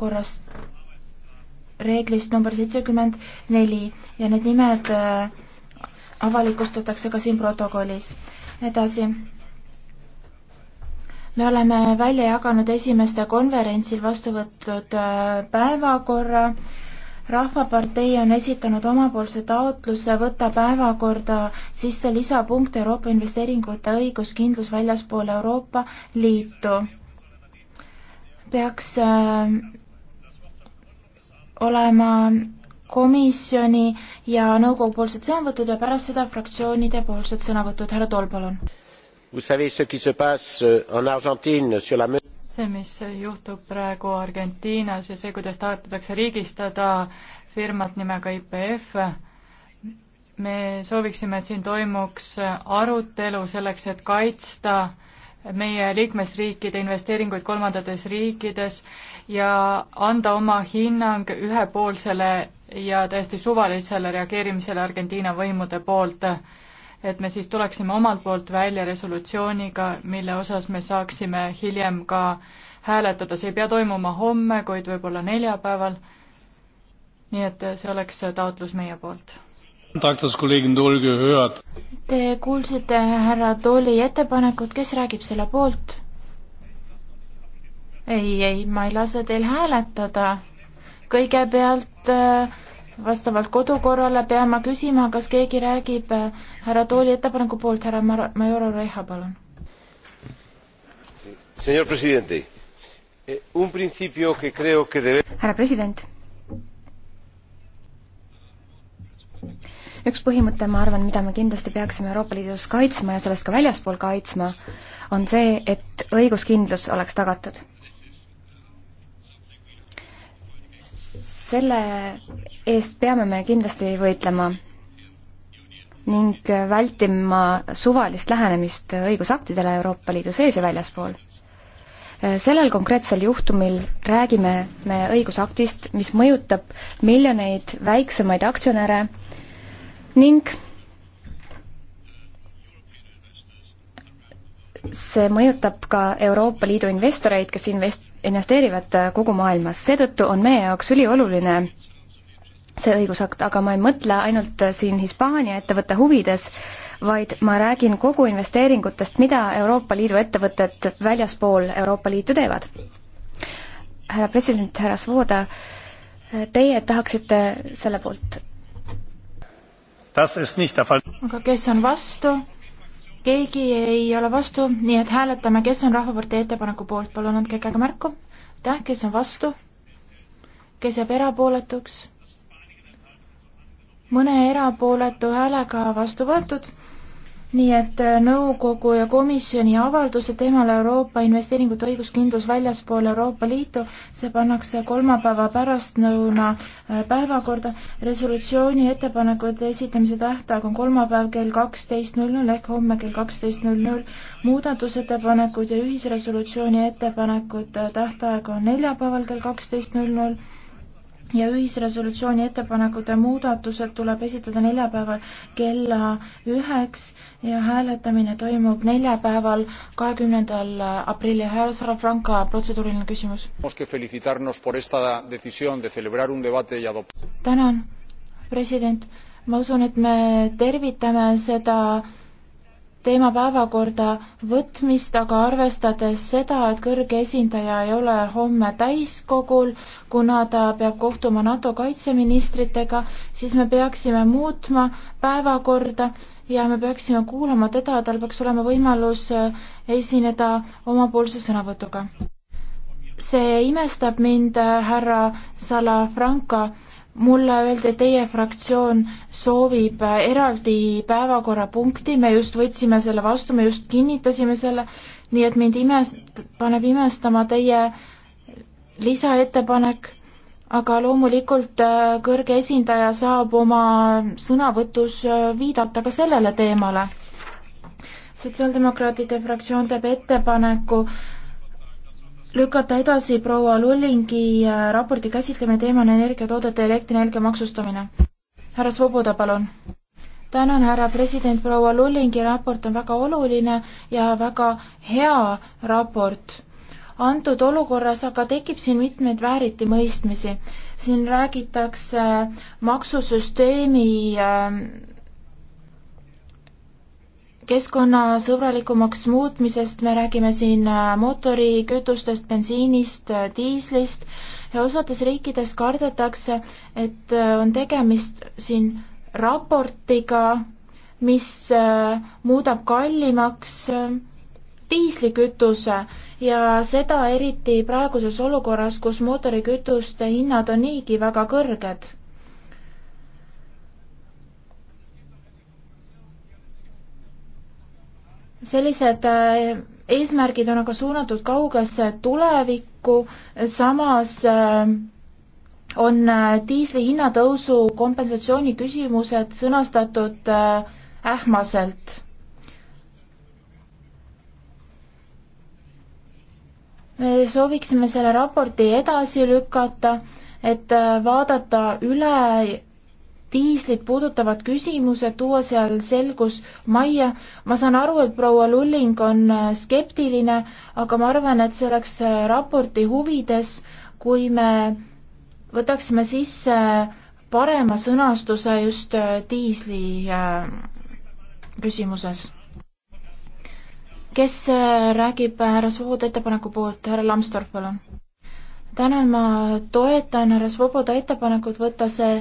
kodukorrast reeglist number seitsekümmend neli ja need nimed äh, avalikustatakse ka siin protokollis. edasi. me oleme välja jaganud esimeste konverentsil vastu võetud äh, päevakorra. rahvapartei on esitanud omapoolse taotluse võtta päevakorda sisse lisapunkt Euroopa investeeringute õiguskindlus väljaspool Euroopa Liitu. peaks äh, olema komisjoni ja nõukogu poolsed sõnavõtud ja pärast seda fraktsioonide poolsed sõnavõtud. härra Toll, palun. Euh, see, mis juhtub praegu Argentiinas ja see, kuidas tahetakse riigistada firmat nimega IPF, me sooviksime, et siin toimuks arutelu selleks, et kaitsta meie liikmesriikide investeeringuid kolmandates riikides ja anda oma hinnang ühepoolsele ja täiesti suvalisele reageerimisele Argentiina võimude poolt, et me siis tuleksime omalt poolt välja resolutsiooniga, mille osas me saaksime hiljem ka hääletada, see ei pea toimuma homme, kuid võib-olla neljapäeval. nii et see oleks taotlus meie poolt. Te kuulsite härra Tooli ettepanekut, kes räägib selle poolt? ei, ei, ma ei lase teil hääletada. kõigepealt äh, vastavalt kodukorrale pean ma küsima, kas keegi räägib äh, härra Tooli ettepaneku poolt, härra Mar-, major Oreja, palun. Eh, härra president. üks põhimõte, ma arvan, mida me kindlasti peaksime Euroopa Liidus kaitsma ja sellest ka väljaspool kaitsma, on see, et õiguskindlus oleks tagatud selle eest peame me kindlasti võitlema ning vältima suvalist lähenemist õigusaktidele Euroopa Liidu sees ja väljaspool. sellel konkreetsel juhtumil räägime me õigusaktist, mis mõjutab miljoneid väiksemaid aktsionäre ning see mõjutab ka Euroopa Liidu investoreid, kes invest-, investeerivad kogu maailmas, seetõttu on meie jaoks ülioluline see õigusakt, aga ma ei mõtle ainult siin Hispaania ettevõtte huvides, vaid ma räägin kogu investeeringutest, mida Euroopa Liidu ettevõtted väljaspool Euroopa Liitu teevad. härra president, härra Svoboda, teie tahaksite selle poolt? aga kes on vastu? keegi ei ole vastu, nii et hääletame, kes on Rahvapartei ettepaneku poolt, palun andke käega märku. aitäh, kes on vastu? kes jääb erapooletuks? mõne erapooletu häälega vastu võetud nii et äh, nõukogu ja komisjoni avalduse teemal Euroopa investeeringute õiguskindlus väljaspool Euroopa Liitu, see pannakse kolmapäeva pärastlõuna äh, päevakorda. resolutsiooni ettepanekute esitamise tähtaeg on kolmapäev kell kaksteist null null ehk homme kell kaksteist null null. muudatusettepanekud ja ühisresolutsiooni ettepanekute tähtaeg on neljapäeval kell kaksteist null null ja ühisresolutsiooni ettepanekute muudatused tuleb esitada neljapäeval kella üheks ja hääletamine toimub neljapäeval, kahekümnendal aprillil. härra Sarafranca, protseduuriline küsimus. tänan, president. ma usun, et me tervitame seda teema päevakorda võtmist, aga arvestades seda, et kõrge esindaja ei ole homme täiskogul, kuna ta peab kohtuma NATO kaitseministritega, siis me peaksime muutma päevakorda ja me peaksime kuulama teda, tal peaks olema võimalus äh, esineda omapoolse sõnavõtuga. see imestab mind, äh, härra Salafranca mulle öeldi, et teie fraktsioon soovib äh, eraldi päevakorrapunkti, me just võtsime selle vastu, me just kinnitasime selle, nii et mind imest-, paneb imestama teie lisaettepanek, aga loomulikult äh, kõrge esindaja saab oma sõnavõtus äh, viidata ka sellele teemale. sotsiaaldemokraatide fraktsioon teeb ettepaneku äh, lükata edasi proua Lullingi äh, raporti käsitlemine teemana energiatoodete elektrienergia maksustamine. härra Svoboda, palun. tänan, härra president, proua Lullingi raport on väga oluline ja väga hea raport. antud olukorras aga tekib siin mitmeid vääritimõistmisi. siin räägitakse maksusüsteemi äh, keskkonnasõbralikumaks muutmisest, me räägime siin äh, mootorikütustest, bensiinist, äh, diislist ja osades riikides kardetakse, et äh, on tegemist siin raportiga, mis muudab kallimaks diislikütuse ja seda eriti praeguses olukorras, kus mootorikütuste hinnad on niigi väga kõrged sellised äh, eesmärgid on aga suunatud kaugesse tulevikku, samas äh, on äh, diisli hinnatõusu kompensatsiooni küsimused sõnastatud ähmaselt. me sooviksime selle raporti edasi lükata, et vaadata üle diislit puudutavad küsimused, tuua seal selgus majja. ma saan aru, et proua Lulling on äh, skeptiline, aga ma arvan, et see oleks äh, raporti huvides, kui me võtaksime sisse parema sõnastuse just diisli äh, küsimuses. kes räägib härra Sood ettepaneku poolt, härra Lambsdorff, palun? tänan, ma toetan härra Svoboda ettepanekut võtta see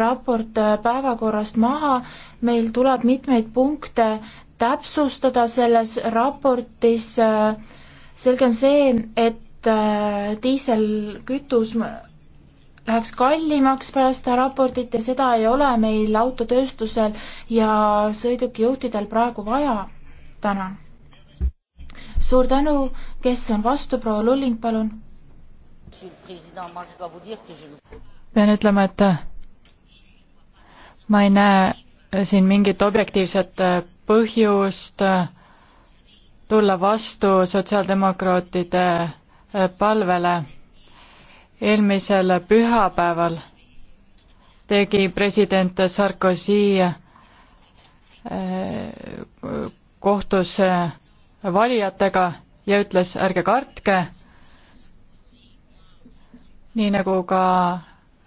raport äh, päevakorrast maha. meil tuleb mitmeid punkte täpsustada selles raportis. Äh, selge on see, et äh, diiselkütus läheks kallimaks pärast seda raportit ja seda ei ole meil autotööstusel ja sõidukijuhtidel praegu vaja. tänan. suur tänu, kes on vastu, proua Lulling, palun pean ütlema, et ma ei näe siin mingit objektiivset äh, põhjust äh, tulla vastu sotsiaaldemokraatide äh, palvele. eelmisel pühapäeval tegi president Sarkozy kohtus valijatega ja ütles, ärge kartke nii nagu ka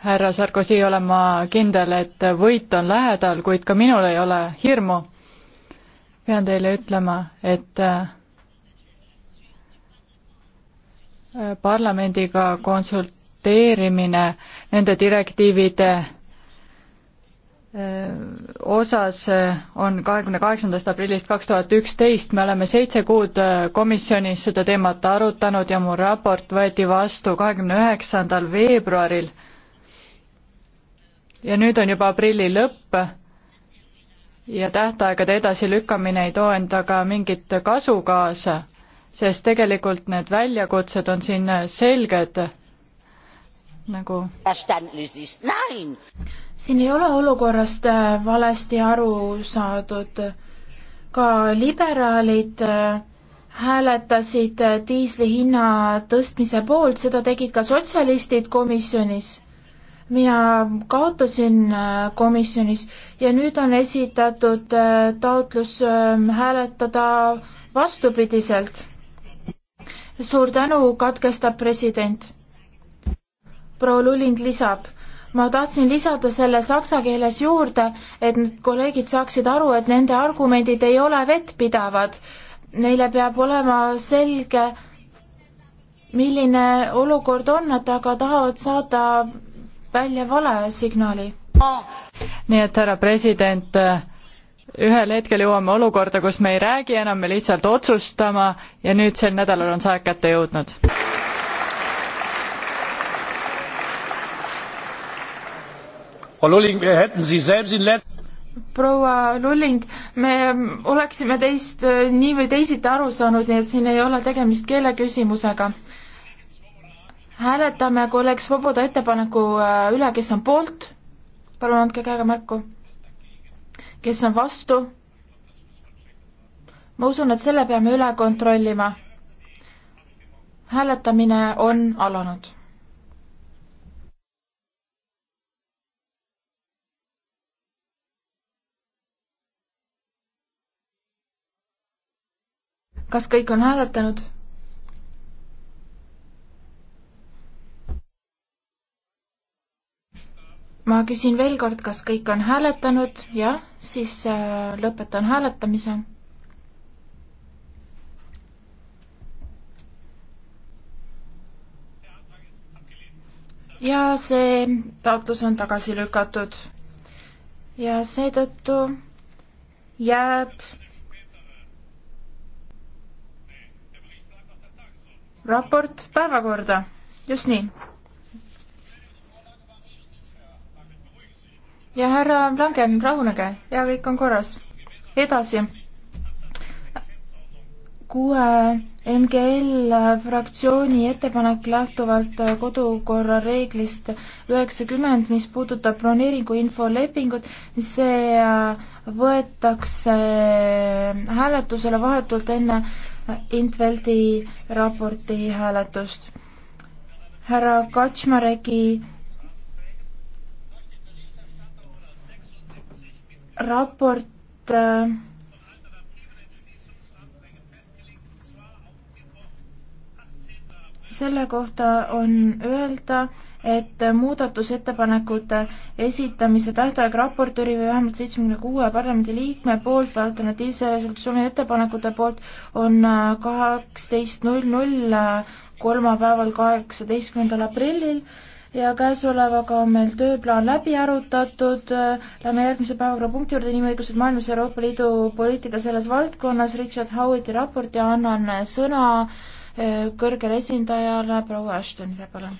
härra Sarkozy olen ma kindel, et võit on lähedal, kuid ka minul ei ole hirmu. pean teile ütlema, et äh, parlamendiga konsulteerimine nende direktiivide osas eh, on kahekümne kaheksandast aprillist kaks tuhat üksteist, me oleme seitse kuud eh, komisjonis seda teemat arutanud ja mu raport võeti vastu kahekümne üheksandal veebruaril. ja nüüd on juba aprilli lõpp ja tähtaegade edasilükkamine ei too endaga mingit kasu kaasa, sest tegelikult need väljakutsed on siin selged nagu siin ei ole olukorrast äh, valesti aru saadud. ka liberaalid äh, hääletasid äh, diisli hinna tõstmise poolt, seda tegid ka sotsialistid komisjonis. mina kaotasin komisjonis ja nüüd on esitatud taotlus ähm, hääletada vastupidiselt. suur tänu, katkestab president. proua Luling lisab ma tahtsin lisada selle saksa keeles juurde, et need kolleegid saaksid aru, et nende argumendid ei ole vettpidavad. Neile peab olema selge, milline olukord on, nad aga tahavad saada välja vale signaali. nii et härra president, ühel hetkel jõuame olukorda, kus me ei räägi enam, me lihtsalt otsustame ja nüüd sel nädalal on see aeg kätte jõudnud. proua Lulling, me oleksime teist äh, nii või teisiti aru saanud, nii et siin ei ole tegemist keeleküsimusega. hääletame kolleeg Svoboda ettepaneku äh, üle, kes on poolt, palun andke käega märku. kes on vastu? ma usun, et selle peame üle kontrollima. hääletamine on alanud kas kõik on hääletanud? ma küsin veel kord, kas kõik on hääletanud, jah, siis äh, lõpetan hääletamise. ja see taotlus on tagasi lükatud ja seetõttu jääb raport päevakorda, just nii. ja härra Langen, rahunege ja kõik on korras. edasi. kuue NGL fraktsiooni ettepanek lähtuvalt kodukorra reeglist üheksakümmend, mis puudutab broneeringuinfo lepingut, see võetakse hääletusele vahetult enne Intveldi raporti hääletust. härra Kaczmareki raport äh, selle kohta on öelda, et muudatusettepanekute esitamise tähtaeg raportööri või vähemalt seitsmekümne kuue parlamendiliikme poolt või alternatiivse resolutsiooni ettepanekute poolt on äh, kaheksateist null null äh, kolmapäeval, kaheksateistkümnendal aprillil ja käesolevaga on meil tööplaan läbi arutatud. Lähme järgmise päevakorrapunkti juurde, inimõigused maailmas Euroopa Liidu poliitika selles valdkonnas, Richard Howitti raport ja annan sõna kõrgele esindajale proua Ashtonile, palun.